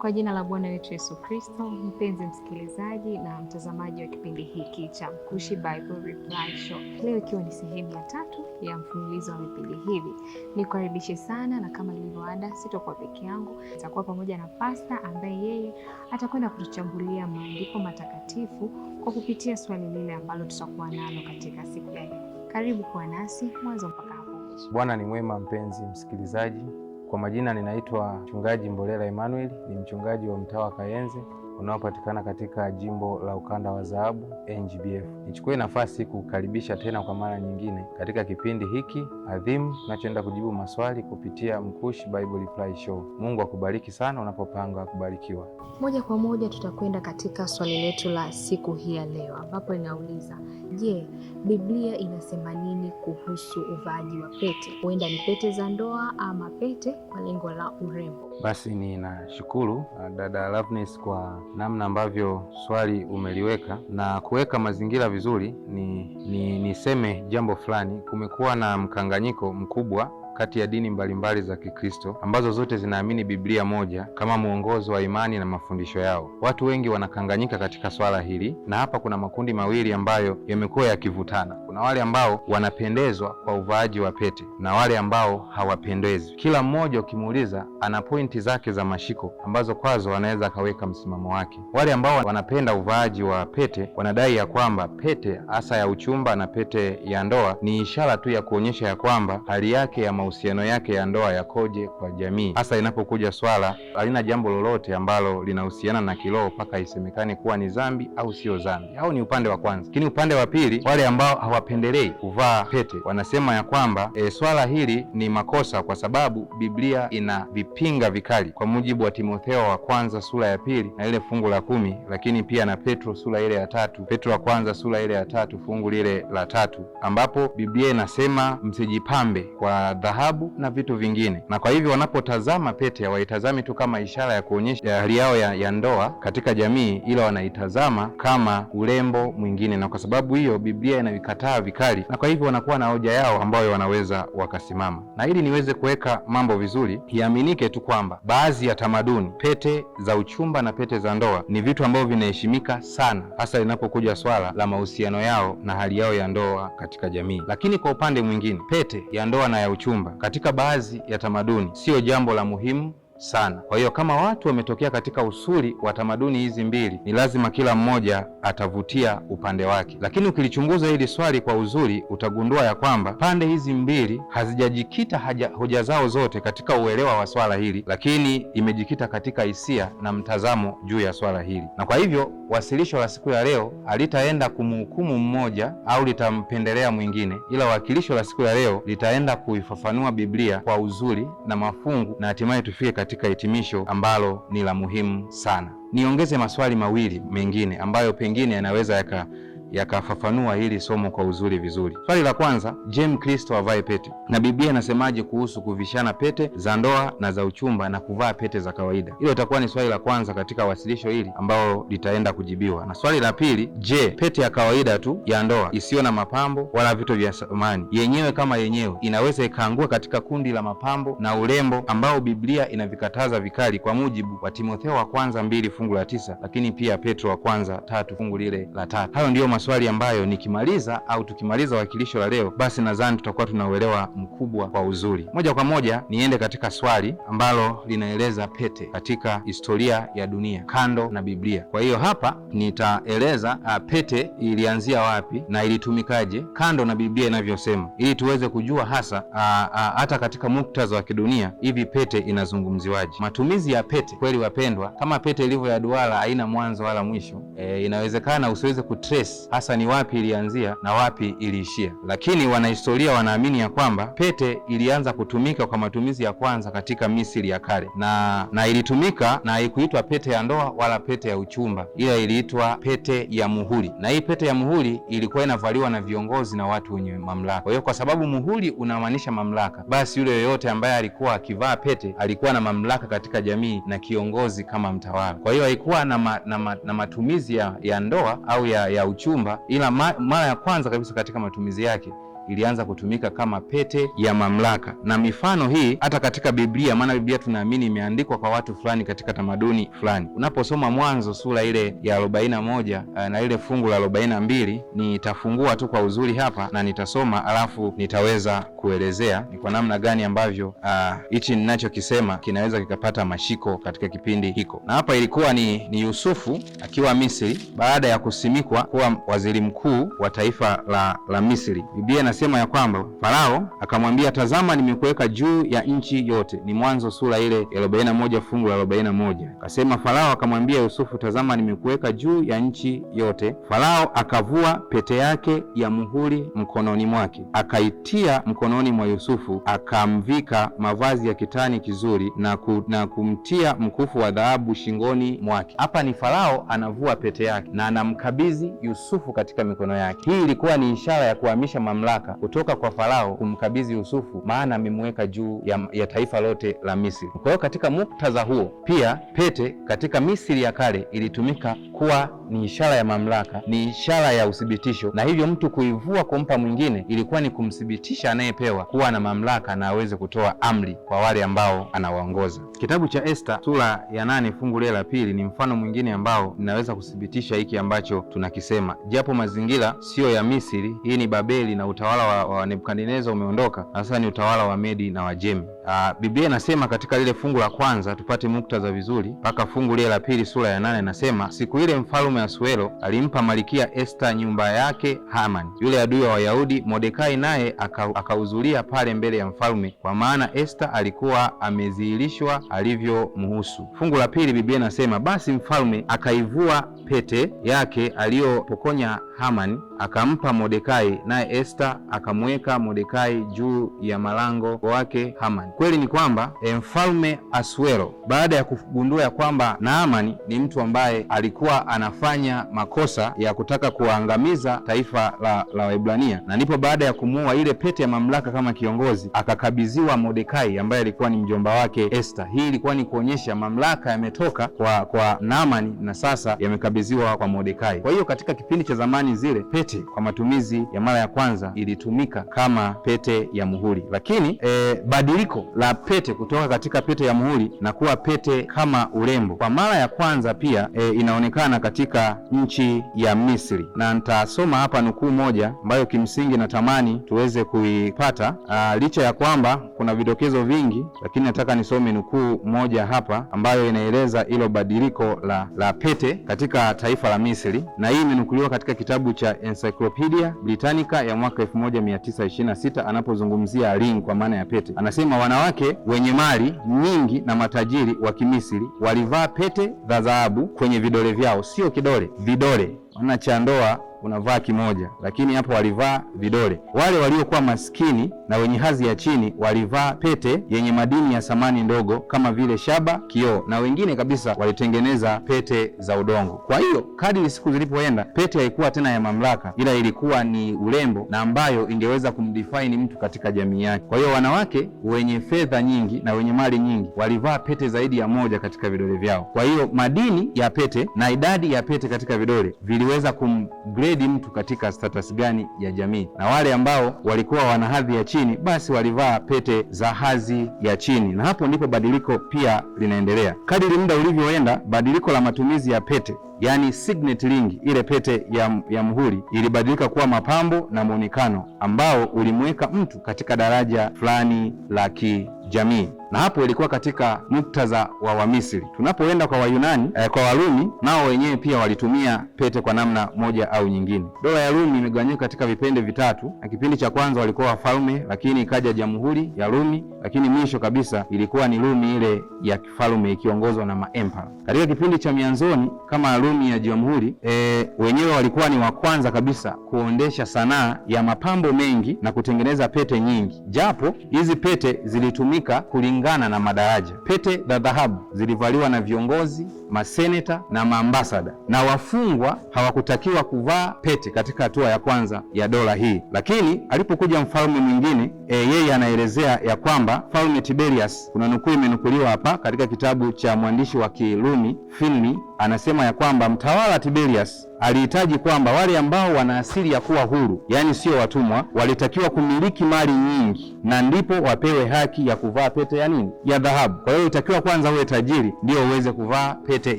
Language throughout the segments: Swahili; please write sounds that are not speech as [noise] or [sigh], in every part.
kwa jina la Bwana wetu Yesu Kristo. Mpenzi msikilizaji na mtazamaji wa kipindi hiki cha Mkushi Bible Reply Show, leo ikiwa ni sehemu ya tatu ya mfululizo wa vipindi hivi, nikukaribishe sana, na kama ilivyoada, sitokuwa peke yangu, nitakuwa pamoja na pasta ambaye yeye atakwenda kutuchambulia maandiko matakatifu kwa kupitia swali lile ambalo tutakuwa nalo katika siku ya leo. Karibu kuwa nasi mwanzo mpaka hapo. Bwana ni mwema, mpenzi msikilizaji kwa majina ninaitwa Mchungaji Mbolela Emmanuel, ni mchungaji wa mtaa wa Kayenzi unaopatikana katika jimbo la ukanda wa zahabu NGBF. Nichukue nafasi kukaribisha tena kwa mara nyingine katika kipindi hiki adhimu kinachoenda kujibu maswali kupitia Mkushi Bible Reply Show. Mungu akubariki sana unapopanga kubarikiwa. Moja kwa moja tutakwenda katika swali letu la siku hii ya leo, ambapo inauliza je, Biblia inasema nini kuhusu uvaaji wa pete? Huenda ni pete za ndoa ama pete kwa lengo la urembo. Basi ninashukuru uh, dada Loveness kwa namna ambavyo swali umeliweka na kuweka mazingira vizuri. Ni, ni niseme jambo fulani, kumekuwa na mkanganyiko mkubwa kati ya dini mbalimbali za Kikristo ambazo zote zinaamini Biblia moja kama mwongozo wa imani na mafundisho yao. Watu wengi wanakanganyika katika swala hili, na hapa kuna makundi mawili ambayo yamekuwa yakivutana. Kuna wale ambao wanapendezwa kwa uvaaji wa pete na wale ambao hawapendezwi. Kila mmoja ukimuuliza, ana pointi zake za mashiko ambazo kwazo anaweza akaweka msimamo wake. Wale ambao wanapenda uvaaji wa pete wanadai ya kwamba pete hasa ya uchumba na pete ya ndoa ni ishara tu ya kuonyesha ya kwamba hali yake ya mahusiano yake ya ndoa yakoje kwa jamii, hasa inapokuja swala halina jambo lolote ambalo linahusiana na kiroho mpaka isemekane kuwa ni dhambi au sio dhambi, au ni upande wa kwanza. Lakini upande wa pili, wale ambao hawapendelei kuvaa pete wanasema ya kwamba e, swala hili ni makosa kwa sababu Biblia ina vipinga vikali, kwa mujibu wa Timotheo wa kwanza sura ya pili na ile fungu la kumi, lakini pia na Petro sura ile ya tatu, Petro wa kwanza sura ile ya tatu fungu lile la tatu, ambapo Biblia inasema msijipambe kwa dhahabu dhahabu na vitu vingine, na kwa hivyo wanapotazama pete hawaitazami tu kama ishara ya kuonyesha hali yao ya, ya ndoa katika jamii, ila wanaitazama kama urembo mwingine, na kwa sababu hiyo Biblia inavikataa vikali, na kwa hivyo wanakuwa na hoja yao ambayo wanaweza wakasimama na. Ili niweze kuweka mambo vizuri, iaminike tu kwamba baadhi ya tamaduni, pete za uchumba na pete za ndoa ni vitu ambavyo vinaheshimika sana, hasa linapokuja swala la mahusiano yao na hali yao ya ndoa katika jamii. Lakini kwa upande mwingine, pete ya ndoa na ya uchumba nyumba katika baadhi ya tamaduni sio jambo la muhimu sana. Kwa hiyo kama watu wametokea katika usuli wa tamaduni hizi mbili, ni lazima kila mmoja atavutia upande wake. Lakini ukilichunguza hili swali kwa uzuri, utagundua ya kwamba pande hizi mbili hazijajikita haja, hoja zao zote katika uelewa wa swala hili, lakini imejikita katika hisia na mtazamo juu ya swala hili, na kwa hivyo wasilisho la siku ya leo halitaenda kumhukumu mmoja au litampendelea mwingine, ila wakilisho la siku ya leo litaenda kuifafanua Biblia kwa uzuri na mafungu na hatimaye tufike katika hitimisho ambalo ni la muhimu sana. Niongeze maswali mawili mengine ambayo pengine yanaweza yaka yakafafanua hili somo kwa uzuri vizuri. Swali la kwanza, je, Mkristo avae pete? Na Biblia inasemaje kuhusu kuvishana pete za ndoa na za uchumba na kuvaa pete za kawaida? Hilo itakuwa ni swali la kwanza katika wasilisho hili ambalo litaenda kujibiwa. Na swali la pili, je, pete ya kawaida tu ya ndoa isiyo na mapambo wala vitu vya samani yenyewe kama yenyewe inaweza ikaangua katika kundi la mapambo na urembo ambao Biblia inavikataza vikali kwa mujibu wa Timotheo wa kwanza mbili fungu la tisa, lakini pia Petro wa kwanza tatu fungu lile la tatu. Hayo ndiyo maswali ambayo nikimaliza au tukimaliza wakilisho la leo, basi nadhani tutakuwa tuna uelewa mkubwa kwa uzuri. Moja kwa moja niende katika swali ambalo linaeleza pete katika historia ya dunia kando na Biblia. Kwa hiyo hapa nitaeleza ah, pete ilianzia wapi na ilitumikaje kando na Biblia inavyosema, ili tuweze kujua hasa ah, ah, hata katika muktadha wa kidunia hivi pete inazungumziwaje. Matumizi ya pete, kweli wapendwa, kama pete ilivyo ya duara haina mwanzo wala mwisho. E, inawezekana usiweze kutrace hasa ni wapi ilianzia na wapi iliishia, lakini wanahistoria wanaamini ya kwamba pete ilianza kutumika kwa matumizi ya kwanza katika Misri ya kale na, na ilitumika na haikuitwa pete ya ndoa wala pete ya uchumba, ila iliitwa pete ya muhuri, na hii pete ya muhuri ilikuwa inavaliwa na viongozi na watu wenye mamlaka. Kwa hiyo kwa sababu muhuri unamaanisha mamlaka, basi yule yoyote ambaye alikuwa akivaa pete alikuwa na mamlaka katika jamii na kiongozi kama mtawala. Kwa hiyo haikuwa na, ma, na, ma, na matumizi ya, ya ndoa au ya, ya uchumba nyumba, ila mara ya kwanza kabisa katika matumizi yake ilianza kutumika kama pete ya mamlaka, na mifano hii hata katika Biblia, maana Biblia tunaamini imeandikwa kwa watu fulani katika tamaduni fulani. Unaposoma Mwanzo sura ile ya 41 eh, na ile fungu la 42, nitafungua tu kwa uzuri hapa na nitasoma, alafu nitaweza kuelezea ni kwa namna gani ambavyo ah, hichi ninachokisema kinaweza kikapata mashiko katika kipindi hiko. Na hapa ilikuwa ni, ni Yusufu akiwa Misri baada ya kusimikwa kuwa waziri mkuu wa taifa la, la Misri. Biblia inasema ya kwamba Farao akamwambia, tazama, nimekuweka juu ya nchi yote. Ni Mwanzo sura ile ya 41 fungu la 41. Akasema Farao akamwambia Yusufu, tazama, nimekuweka juu ya nchi yote. Farao akavua pete yake ya muhuri mkononi mwake, akaitia mkononi mwa Yusufu, akamvika mavazi ya kitani kizuri na, ku, na kumtia mkufu wa dhahabu shingoni mwake. Hapa ni Farao anavua pete yake na anamkabidhi Yusufu katika mikono yake. Hii ilikuwa ni ishara ya kuhamisha mamlaka mamlaka kutoka kwa Farao kumkabidhi Yusufu, maana amemweka juu ya, ya taifa lote la Misri. Kwa hiyo katika muktadha huo pia pete katika Misri ya kale ilitumika kuwa ni ishara ya mamlaka, ni ishara ya uthibitisho, na hivyo mtu kuivua kumpa mwingine ilikuwa ni kumthibitisha anayepewa kuwa na mamlaka na aweze kutoa amri kwa wale ambao anawaongoza. Kitabu cha Esta sura ya nane fungu lile la pili ni mfano mwingine ambao ninaweza kuthibitisha hiki ambacho tunakisema, japo mazingira siyo ya Misri, hii ni Babeli na utawala wa, wa Nebukadnezar umeondoka, na sasa ni utawala wa Medi na Wajemi. Ah, Biblia inasema katika lile fungu la kwanza, tupate muktadha vizuri, mpaka fungu lile la pili sura ya nane inasema, siku ile mfalme Asuero alimpa malikia Esta nyumba yake Haman yule adui wa Wayahudi. Mordekai naye akahudhuria aka pale mbele ya mfalme, kwa maana Esta alikuwa alivyo alivyomhusu. Fungu la pili Biblia inasema, basi mfalme akaivua pete yake aliyopokonya Haman akampa Mordekai, naye Esta akamweka Mordekai juu ya malango wake haman Kweli ni kwamba eh, mfalme Asuero baada ya kugundua ya kwamba Naamani ni mtu ambaye alikuwa anafanya makosa ya kutaka kuangamiza taifa la, la Waebrania, na ndipo baada ya kumuua ile pete ya mamlaka kama kiongozi akakabidhiwa Mordekai ambaye alikuwa ni mjomba wake Esta. Hii ilikuwa ni kuonyesha mamlaka yametoka kwa, kwa Naamani na sasa yamekabidhiwa kwa Mordekai. Kwa hiyo katika kipindi cha zamani zamani zile pete kwa matumizi ya mara ya kwanza ilitumika kama pete ya muhuri, lakini e, badiliko la pete kutoka katika pete ya muhuri na kuwa pete kama urembo kwa mara ya kwanza pia e, inaonekana katika nchi ya Misri, na nitasoma hapa nukuu moja ambayo kimsingi natamani tuweze kuipata, licha ya kwamba kuna vidokezo vingi, lakini nataka nisome nukuu moja hapa ambayo inaeleza hilo badiliko la, la pete katika taifa la Misri, na hii imenukuliwa katika kitabu kitabu cha Encyclopedia Britannica ya mwaka 1926 anapozungumzia ring kwa maana ya pete, anasema wanawake wenye mali nyingi na matajiri wa Kimisri walivaa pete za dhahabu kwenye vidole vyao, sio kidole, vidole. Maana cha ndoa unavaa kimoja, lakini hapo walivaa vidole. Wale waliokuwa maskini na wenye hadhi ya chini walivaa pete yenye madini ya samani ndogo kama vile shaba, kioo, na wengine kabisa walitengeneza pete za udongo. Kwa hiyo kadiri siku zilipoenda, pete haikuwa tena ya mamlaka, ila ilikuwa ni urembo na ambayo ingeweza kumdefine mtu katika jamii yake. Kwa hiyo wanawake wenye fedha nyingi na wenye mali nyingi walivaa pete zaidi ya moja katika vidole vyao. Kwa hiyo madini ya pete na idadi ya pete katika vidole viliweza kum inamredi mtu katika status gani ya jamii. Na wale ambao walikuwa wana hadhi ya chini, basi walivaa pete za hadhi ya chini, na hapo ndipo badiliko pia linaendelea. Kadiri muda ulivyoenda, badiliko la matumizi ya pete yaani signet ring, ile pete ya, ya muhuri ilibadilika kuwa mapambo na mwonekano ambao ulimweka mtu katika daraja fulani la ki jamii, na hapo ilikuwa katika muktadha wa Wamisri. Tunapoenda kwa Wayunani eh, kwa Warumi, nao wenyewe pia walitumia pete kwa namna moja au nyingine. Dola ya Rumi imegawanyika katika vipindi vitatu, na kipindi cha kwanza walikuwa wafalme, lakini ikaja jamhuri ya Rumi, lakini mwisho kabisa ilikuwa ni Rumi ile ya kifalme ikiongozwa na maempara. Katika kipindi cha mianzoni kama Rumi ya jamhuri eh, wenyewe walikuwa ni wa kwanza kabisa kuondesha sanaa ya mapambo mengi na kutengeneza pete nyingi, japo hizi pete zilitumika kugawanyika kulingana na madaraja. Pete za dhahabu zilivaliwa na viongozi, maseneta na maambasada, na wafungwa hawakutakiwa kuvaa pete katika hatua ya kwanza ya dola hii. Lakini alipokuja mfalme mwingine e, yeye anaelezea ya kwamba mfalme Tiberius, kuna nukuu imenukuliwa hapa katika kitabu cha mwandishi wa Kirumi Pliny, anasema ya kwamba mtawala Tiberius alihitaji kwamba wale ambao wana asili ya kuwa huru, yaani sio watumwa, walitakiwa kumiliki mali nyingi na ndipo wapewe haki ya kuvaa pete ya nini, ya dhahabu. Kwa hiyo itakiwa kwanza uwe tajiri ndio uweze kuvaa pete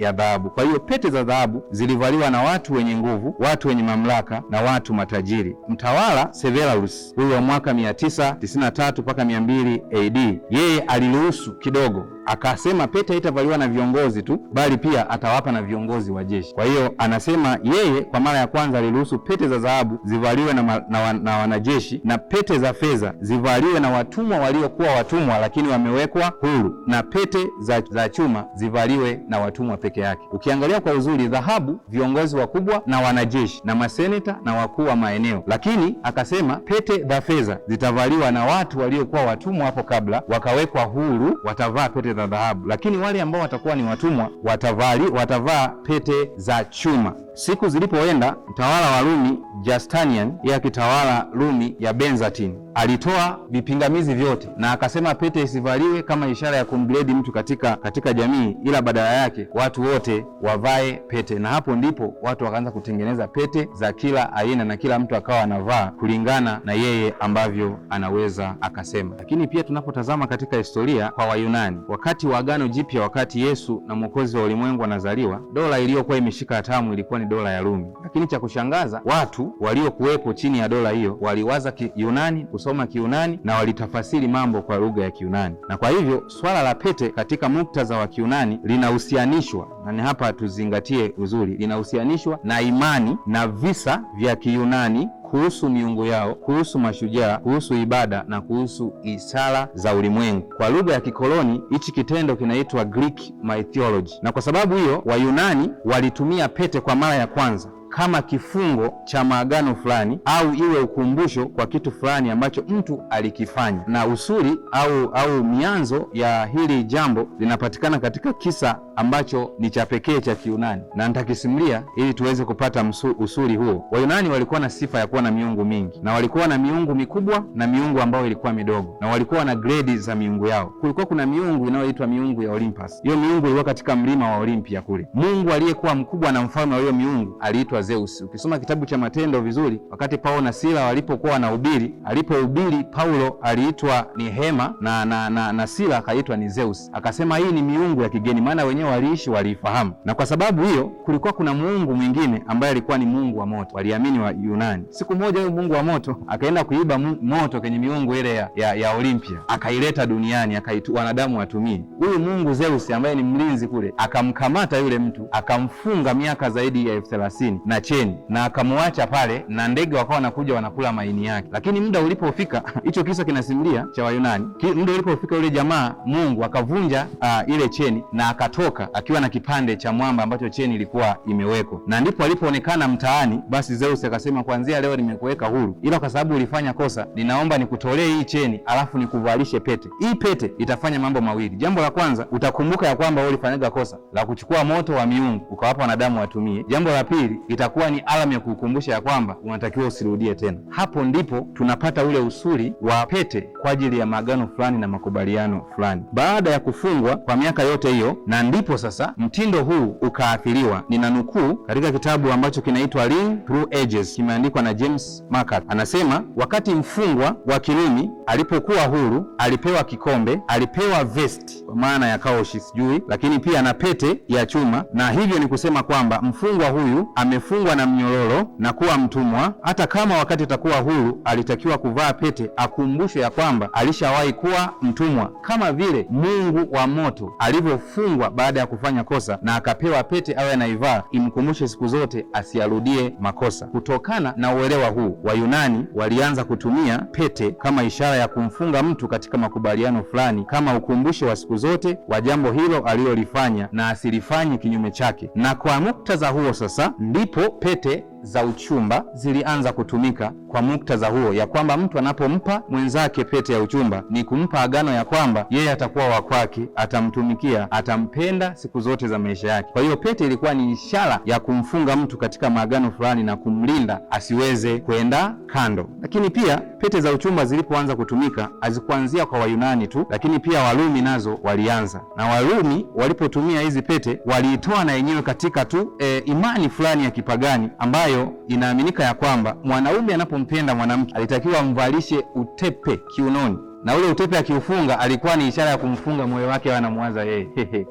ya dhahabu. Kwa hiyo pete za dhahabu zilivaliwa na watu wenye nguvu, watu wenye mamlaka na watu matajiri. Mtawala Severus huyu wa mwaka 993 mpaka 200 AD, yeye aliruhusu kidogo akasema pete haitavaliwa na viongozi tu, bali pia atawapa na viongozi wa jeshi. Kwa hiyo anasema yeye kwa mara ya kwanza aliruhusu pete za dhahabu zivaliwe na, na, na wanajeshi na pete za fedha zivaliwe na watumwa waliokuwa watumwa lakini wamewekwa huru, na pete za, za chuma zivaliwe na watumwa peke yake. Ukiangalia kwa uzuri, dhahabu, viongozi wakubwa na wanajeshi na maseneta na wakuu wa maeneo, lakini akasema pete za fedha zitavaliwa na watu waliokuwa watumwa hapo kabla, wakawekwa huru, watavaa pete za dhahabu, lakini wale ambao watakuwa ni watumwa watavali watavaa pete za chuma. Siku zilipoenda, mtawala wa Rumi Justinian, yeye akitawala Rumi ya Benzatini, alitoa vipingamizi vyote na akasema pete isivaliwe kama ishara ya kumgredi mtu katika, katika jamii, ila badala yake watu wote wavae pete. Na hapo ndipo watu wakaanza kutengeneza pete za kila aina na kila mtu akawa anavaa kulingana na yeye ambavyo anaweza akasema. Lakini pia tunapotazama katika historia kwa Wayunani, wakati wa Agano Jipya, wakati Yesu na Mwokozi wa ulimwengu anazaliwa, dola iliyokuwa imeshika hatamu ilikuwa ni dola ya Rumi. Lakini cha kushangaza, watu waliokuwepo chini ya dola hiyo waliwaza Kiunani, kusoma kiunani na walitafasiri mambo kwa lugha ya kiunani na kwa hivyo swala la pete katika muktadha wa kiunani linahusianishwa na hapa tuzingatie uzuri, linahusianishwa na imani na visa vya kiunani kuhusu miungu yao, kuhusu mashujaa, kuhusu ibada na kuhusu ishara za ulimwengu. Kwa lugha ya kikoloni hichi kitendo kinaitwa Greek mythology, na kwa sababu hiyo Wayunani walitumia pete kwa mara ya kwanza kama kifungo cha maagano fulani au iwe ukumbusho kwa kitu fulani ambacho mtu alikifanya. Na usuli au au mianzo ya hili jambo linapatikana katika kisa ambacho ni cha pekee cha Kiunani, na nitakisimulia ili tuweze kupata msu, usuli huo. Wayunani walikuwa na sifa ya kuwa na miungu mingi, na walikuwa na miungu mikubwa na miungu ambayo ilikuwa midogo, na walikuwa na gredi za miungu yao. Kulikuwa kuna miungu inayoitwa miungu ya Olympus. Hiyo miungu ilikuwa katika mlima wa Olimpia kule. Mungu aliyekuwa mkubwa na mfalme wa hiyo miungu aliitwa anaitwa Zeus. Ukisoma kitabu cha Matendo vizuri, wakati Paulo na Sila walipokuwa wanahubiri, alipohubiri Paulo aliitwa ni Hema na, na, na, na Sila akaitwa ni Zeus. Akasema hii ni miungu ya kigeni, maana wenyewe waliishi waliifahamu. Na kwa sababu hiyo kulikuwa kuna muungu mwingine ambaye alikuwa ni mungu wa moto, waliamini wa Yunani. Siku moja huyu mungu wa moto akaenda kuiba moto kwenye miungu ile ya, ya, ya Olimpia, akaileta duniani, akaitu wanadamu watumie. Huyu mungu Zeus ambaye ni mlinzi kule akamkamata yule mtu akamfunga miaka zaidi ya elfu thelathini na cheni na akamwacha pale, na ndege wakawa wanakuja wanakula maini yake. Lakini muda ulipofika [laughs] hicho kisa kinasimulia cha Wayunani, muda ulipofika yule jamaa Mungu akavunja uh, ile cheni na akatoka akiwa na kipande cha mwamba ambacho cheni ilikuwa imewekwa, na ndipo alipoonekana mtaani. Basi Zeus akasema, kuanzia leo nimekuweka huru, ila kwa sababu ulifanya kosa, ninaomba nikutolee hii cheni alafu nikuvalishe pete. Hii pete itafanya mambo mawili. Jambo la kwanza, utakumbuka ya kwamba ulifanyaga kosa la kuchukua moto wa miungu ukawapa wanadamu watumie. Jambo la pili itakuwa ni alamu ya kukukumbusha ya kwamba unatakiwa usirudie tena. Hapo ndipo tunapata ule usuli wa pete kwa ajili ya maagano fulani na makubaliano fulani, baada ya kufungwa kwa miaka yote hiyo, na ndipo sasa mtindo huu ukaathiriwa. Nina nukuu katika kitabu ambacho kinaitwa Ring Through Ages, kimeandikwa na James Makar, anasema wakati mfungwa wa Kirumi alipokuwa huru alipewa kikombe, alipewa vest kwa maana ya kaoshi sijui, lakini pia na pete ya chuma, na hivyo ni kusema kwamba mfungwa huyu ame kufungwa na mnyororo na kuwa mtumwa, hata kama wakati atakuwa huru alitakiwa kuvaa pete, akumbushwe ya kwamba alishawahi kuwa mtumwa, kama vile mungu wa moto alivyofungwa baada ya kufanya kosa na akapewa pete awe anaivaa, imkumbushe siku zote asiarudie makosa. Kutokana na uelewa huu, Wayunani walianza kutumia pete kama ishara ya kumfunga mtu katika makubaliano fulani, kama ukumbusho wa siku zote wa jambo hilo alilolifanya na asilifanye kinyume chake. Na kwa muktadha huo sasa ndipo po, pete za uchumba zilianza kutumika kwa muktadha huo, ya kwamba mtu anapompa mwenzake pete ya uchumba ni kumpa agano ya kwamba yeye atakuwa wa kwake, atamtumikia, atampenda siku zote za maisha yake. Kwa hiyo pete ilikuwa ni ishara ya kumfunga mtu katika maagano fulani na kumlinda asiweze kwenda kando. Lakini pia pete za uchumba zilipoanza kutumika hazikuanzia kwa Wayunani tu, lakini pia Warumi nazo walianza, na Warumi walipotumia hizi pete waliitoa na yenyewe katika tu e, imani fulani ya kipagani ambayo ambayo inaaminika ya kwamba mwanaume anapompenda mwanamke alitakiwa amvalishe utepe kiunoni na ule utepe akiufunga alikuwa ni ishara ya kumfunga moyo wake anamwaza yeye.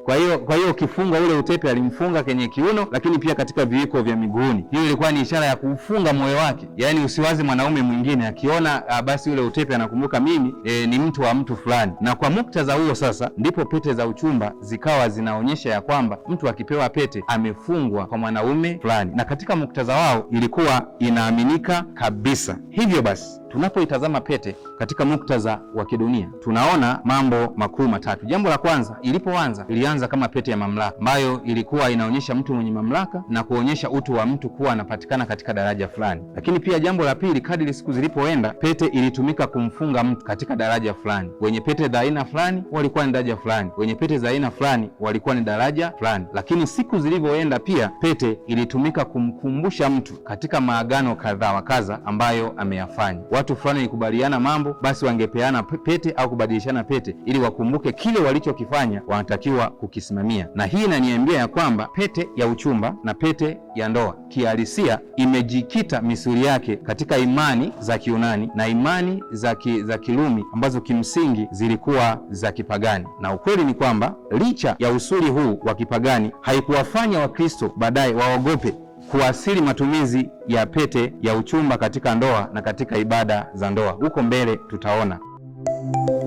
Kwa hiyo kwa hiyo ukifunga ule utepe alimfunga kwenye kiuno, lakini pia katika viwiko vya miguuni. Hiyo ilikuwa ni ishara ya kuufunga moyo wake, yaani usiwazi mwanaume mwingine akiona ah, basi ule utepe anakumbuka mimi e, ni mtu wa mtu fulani. Na kwa muktadha huo sasa ndipo pete za uchumba zikawa zinaonyesha ya kwamba mtu akipewa pete amefungwa kwa mwanaume fulani, na katika muktadha wao ilikuwa inaaminika kabisa. Hivyo basi tunapoitazama pete katika muktadha wa kidunia, tunaona mambo makuu matatu. Jambo la kwanza, ilipoanza ilianza kama pete ya mamlaka ambayo ilikuwa inaonyesha mtu mwenye mamlaka na kuonyesha utu wa mtu kuwa anapatikana katika daraja fulani. Lakini pia jambo la pili, kadiri siku zilipoenda, pete ilitumika kumfunga mtu katika daraja fulani. Wenye pete za aina fulani walikuwa ni daraja fulani, wenye pete za aina fulani walikuwa ni daraja fulani. Lakini siku zilivyoenda, pia pete ilitumika kumkumbusha mtu katika maagano kadha wa kadha ambayo ameyafanya. Watu fulani ikubaliana mambo, basi wangepeana pete au kubadilishana pete, ili wakumbuke kile walichokifanya wanatakiwa kukisimamia. Na hii inaniambia ya kwamba pete ya uchumba na pete ya ndoa kihalisia imejikita misuri yake katika imani za Kiunani na imani za, ki, za Kirumi ambazo kimsingi zilikuwa za kipagani, na ukweli ni kwamba licha ya usuli huu wa kipagani haikuwafanya Wakristo baadaye waogope kuasili matumizi ya pete ya uchumba katika ndoa na katika ibada za ndoa. Huko mbele tutaona. Música